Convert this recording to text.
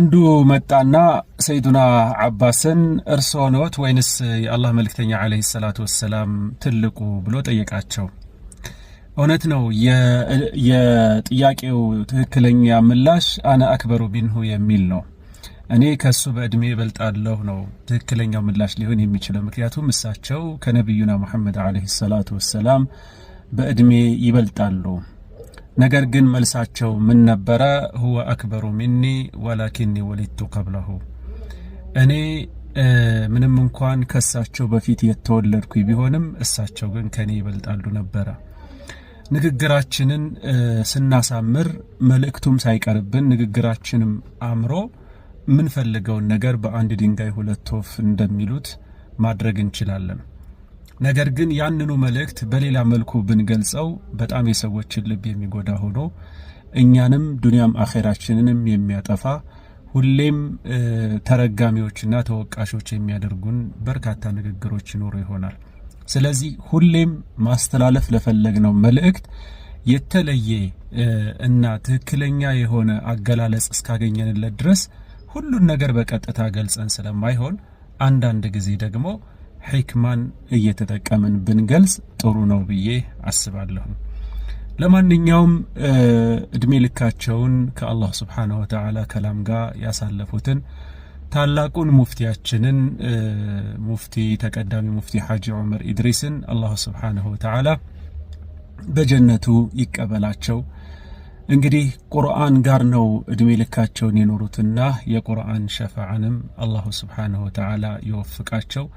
አንዱ መጣና ሰይዱና አባስን እርስዎ ነዎት ወይንስ የአላህ መልክተኛ ዓለይሂ ሰላቱ ወሰላም ትልቁ ብሎ ጠየቃቸው። እውነት ነው። የጥያቄው ትክክለኛ ምላሽ አነ አክበሩ ቢንሁ የሚል ነው። እኔ ከእሱ በእድሜ እበልጣለሁ ነው ትክክለኛው ምላሽ ሊሆን የሚችለው። ምክንያቱም እሳቸው ከነቢዩና ሙሐመድ ዓለይሂ ሰላቱ ወሰላም በእድሜ ይበልጣሉ። ነገር ግን መልሳቸው ምን ነበረ? ሁወ አክበሩ ሚኒ ወላኪኒ ወሊድቱ ቀብለሁ። እኔ ምንም እንኳን ከእሳቸው በፊት የተወለድኩ ቢሆንም እሳቸው ግን ከኔ ይበልጣሉ ነበረ። ንግግራችንን ስናሳምር መልእክቱም ሳይቀርብን ንግግራችንም አምሮ ምንፈልገውን ነገር በአንድ ድንጋይ ሁለት ወፍ እንደሚሉት ማድረግ እንችላለን። ነገር ግን ያንኑ መልእክት በሌላ መልኩ ብንገልጸው በጣም የሰዎችን ልብ የሚጎዳ ሆኖ እኛንም ዱንያም አኼራችንንም የሚያጠፋ ሁሌም ተረጋሚዎችና ተወቃሾች የሚያደርጉን በርካታ ንግግሮች ይኖሩ ይሆናል። ስለዚህ ሁሌም ማስተላለፍ ለፈለግነው መልእክት የተለየ እና ትክክለኛ የሆነ አገላለጽ እስካገኘንለት ድረስ ሁሉን ነገር በቀጥታ ገልጸን ስለማይሆን አንዳንድ ጊዜ ደግሞ ሕክማን እየተጠቀምን ብንገልጽ ጥሩ ነው ብዬ አስባለሁ። ለማንኛውም እድሜ ልካቸውን ከአላህ ስብሓነሁ ወተዓላ ከላም ጋር ያሳለፉትን ታላቁን ሙፍቲያችንን ሙፍቲ ተቀዳሚ ሙፍቲ ሐጂ ዑመር ኢድሪስን አላህ ስብሓነሁ ወተዓላ በጀነቱ ይቀበላቸው። እንግዲህ ቁርአን ጋር ነው እድሜ ልካቸውን የኖሩትና የቁርአን ሸፋዓንም አላሁ ስብሓነሁ ወተዓላ ይወፍቃቸው።